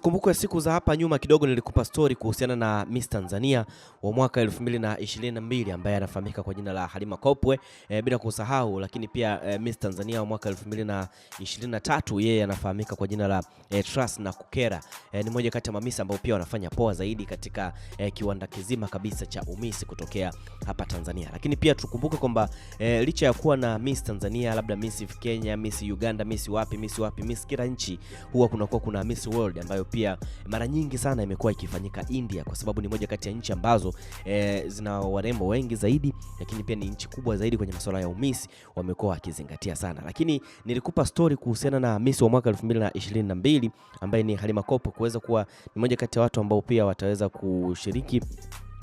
kumbuku ya siku za hapa nyuma kidogo, nilikupa story kuhusiana na Miss Tanzania wa mwaka 2022 ambaye anafahamika kwa jina la Halima Kopwe e, bila kusahau lakini pia e, Miss Tanzania wa mwaka 2023 yeye anafahamika kwa jina la e, Trust na Kukera e, ni moja kati ya mamisa ambao pia wanafanya poa zaidi katika e, kiwanda kizima kabisa cha umisi kutokea hapa Tanzania. Lakini pia tukumbuke kwamba e, licha ya kuwa na Miss Tanzania, labda Miss Kenya, Miss Uganda, Miss wapi, Miss wapi, Miss kila nchi, huwa kunakuwa kuna Miss World ambayo pia mara nyingi sana imekuwa ikifanyika India, kwa sababu ni moja kati ya nchi ambazo e, zina warembo wengi zaidi, lakini pia ni nchi kubwa zaidi kwenye masuala ya umisi, wamekuwa wakizingatia sana. Lakini nilikupa story kuhusiana na Miss wa mwaka 2022 ambaye ni Halima Kopo kuweza kuwa ni moja kati ya watu ambao pia wataweza kushiriki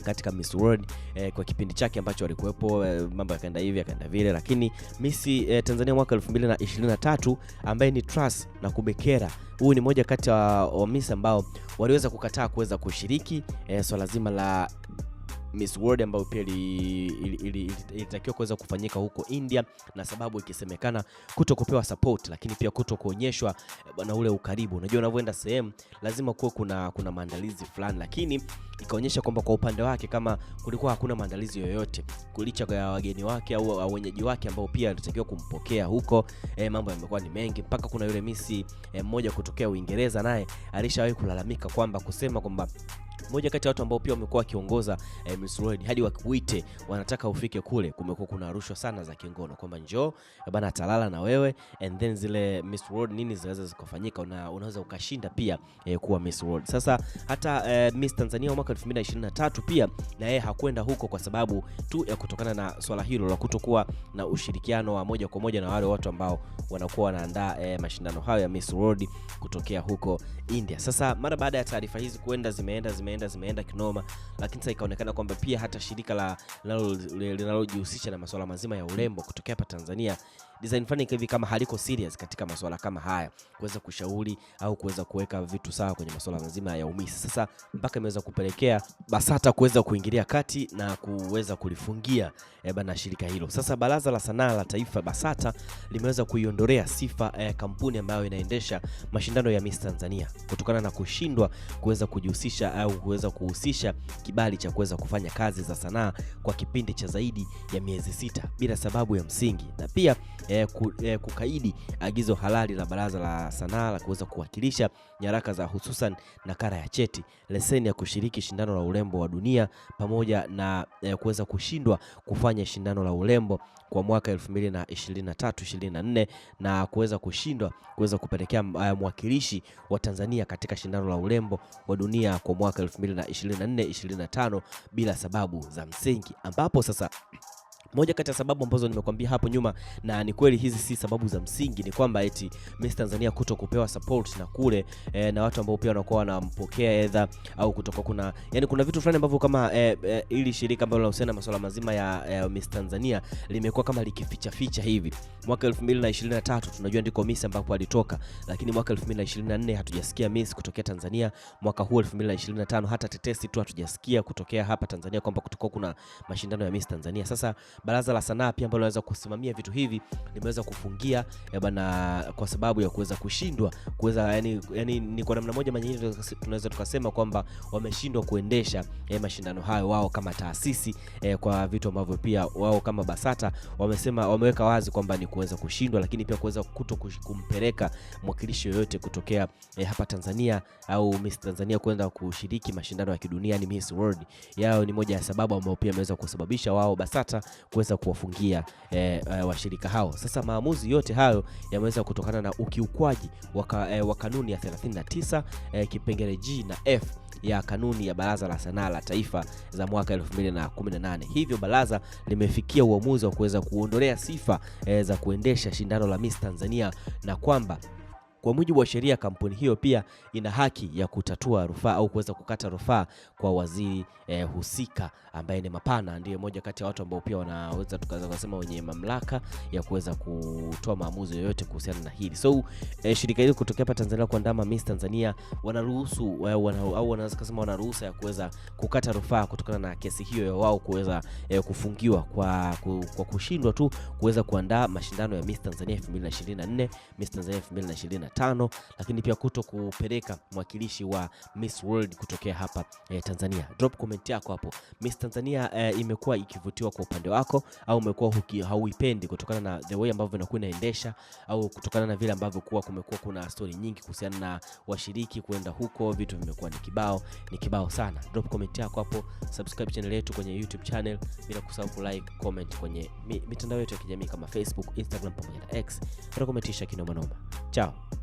katika Miss World eh, kwa kipindi chake ambacho alikuwepo eh, mambo yakaenda hivi yakaenda vile, lakini Miss eh, Tanzania mwaka 2023 ambaye ni Trust na Kubekera, huyu ni moja kati ya wa, wa Miss ambao waliweza kukataa kuweza kushiriki eh, swala so zima la Miss World ambayo pia ilitakiwa kuweza kufanyika huko India, na sababu ikisemekana kuto kupewa support, lakini pia kuto kuonyeshwa eh, bwana ule ukaribu. Unajua, unavyoenda sehemu lazima kuwe kuna, kuna maandalizi fulani, lakini ikaonyesha kwamba kwa upande wake kama kulikuwa hakuna maandalizi yoyote kulicha kwa wageni wake au wenyeji wake ambao pia alitakiwa kumpokea huko. E, mambo yamekuwa ni mengi mpaka kuna yule misi eh, mmoja e, kutokea Uingereza naye alishawahi kulalamika kwamba kusema kwamba moja kati ya watu ambao pia wamekuwa wakiongoza eh, Miss World hadi wakuite wanataka ufike kule, kumekuwa kuna rushwa sana za kingono kwamba njoo eh, bana atalala na wewe and then zile Miss World nini zinaweza zikafanyika na unaweza ukashinda pia eh, kuwa Miss World. Sasa hata eh, Miss Tanzania mwaka 2023 pia na yeye hakwenda huko kwa sababu tu ya kutokana na swala hilo la kutokuwa na ushirikiano wa moja kwa moja na wale watu ambao wanakuwa wanaandaa eh, mashindano hayo ya Miss World kutokea huko India. Sasa mara baada ya taarifa hizi kuenda zimeenda zimeenda zimeenda zimeenda kinoma, lakini sasa ikaonekana kwamba pia hata shirika linalojihusisha na masuala mazima ya urembo kutokea hapa Tanzania design fulani hivi kama haliko serious katika masuala kama haya, kuweza kushauri au kuweza kuweka vitu sawa kwenye masuala mazima ya umisi. Sasa mpaka imeweza kupelekea BASATA kuweza kuingilia kati na kuweza kulifungia eh, bana shirika hilo. Sasa Baraza la Sanaa la Taifa BASATA limeweza kuiondolea sifa eh, kampuni ambayo inaendesha mashindano ya Miss Tanzania kutokana na kushindwa kuweza kujihusisha au kuweza kuhusisha kibali cha kuweza kufanya kazi za sanaa kwa kipindi cha zaidi ya miezi sita bila sababu ya msingi na pia eh, ku, eh, kukaidi agizo halali la Baraza la Sanaa la kuweza kuwakilisha nyaraka za hususan nakala ya cheti, leseni ya kushiriki shindano la urembo wa dunia pamoja na eh, kuweza kushindwa kufanya shindano la urembo kwa mwaka 2023 24 na kuweza kushindwa kuweza kupelekea eh, mwakilishi wa Tanzania katika shindano la urembo wa dunia kwa mwaka 2024 25 bila sababu za msingi ambapo sasa moja kati ya sababu ambazo nimekwambia hapo nyuma na ni kweli hizi si sababu za msingi, ni kwamba eti Miss Tanzania kuto kupewa support na kule e, na watu ambao pia wanakuwa wanampokea edha au kutoka kuna yani, kuna vitu fulani ambavyo kama e, e, ili shirika ambalo linahusiana na masuala mazima ya e, Miss Tanzania limekuwa kama likificha ficha hivi. Mwaka 2023 tunajua ndiko Miss ambapo alitoka, lakini mwaka 2024 hatujasikia Miss kutokea Tanzania. Mwaka huu 2025 hata tetesi tu hatujasikia kutokea hapa Tanzania kwamba kutoka kuna mashindano ya Miss Tanzania. Sasa baraza la sanaa pia ambalo linaweza kusimamia vitu hivi limeweza kufungia eh, bana, kwa sababu ya kuweza kushindwa kuweza yani, yani, ni kwa namna moja manyingine tunaweza tukasema kwamba wameshindwa kuendesha eh, mashindano hayo wao kama taasisi eh, kwa vitu ambavyo pia wao kama BASATA wamesema wameweka wazi kwamba ni kuweza kushindwa, lakini pia kuweza kuto kumpeleka mwakilishi yoyote kutokea eh, hapa Tanzania au Miss Tanzania kwenda kushiriki mashindano ya kidunia ni Miss World. Yao ni moja ya sababu ambayo pia imeweza kusababisha wao BASATA kuweza kuwafungia e, e, washirika hao. Sasa maamuzi yote hayo yameweza kutokana na ukiukwaji wa eh, kanuni ya 39 e, kipengele G na F ya kanuni ya Baraza la Sanaa la Taifa za mwaka 2018. Hivyo baraza limefikia uamuzi wa kuweza kuondolea sifa e, za kuendesha shindano la Miss Tanzania na kwamba kwa mujibu wa sheria, kampuni hiyo pia ina haki ya kutatua rufaa au kuweza kukata rufaa kwa waziri eh, husika ambaye ni mapana, ndiye moja kati ya watu ambao pia wanaweza tukaweza kusema wenye mamlaka ya kuweza kutoa maamuzi yoyote kuhusiana na hili. So eh, shirika hili kutokea hapa Tanzania kuandama Miss Tanzania wanaruhusu eh, au wanaweza kusema wanaruhusa ya kuweza kukata rufaa kutokana na kesi hiyo ya wao kuweza eh, kufungiwa kwa, kwa kushindwa tu kuweza kuandaa mashindano ya Miss Tanzania 2024, Miss Tanzania 2025 2025, lakini pia kuto kupeleka mwakilishi wa Miss World kutokea hapa eh, Tanzania. Drop comment yako hapo. Miss Tanzania eh, imekuwa ikivutiwa kwa upande wako au umekuwa hauipendi kutokana na the way ambavyo inakuwa inaendesha au kutokana na vile ambavyo kuwa kumekuwa kuna story nyingi kuhusiana na washiriki kwenda huko, vitu vimekuwa ni kibao ni kibao sana. Drop comment yako hapo, subscribe channel yetu kwenye YouTube channel, bila kusahau ku like comment kwenye mitandao yetu ya kijamii kama Facebook, Instagram pamoja na X. Tutakometisha kinoma noma. Ciao.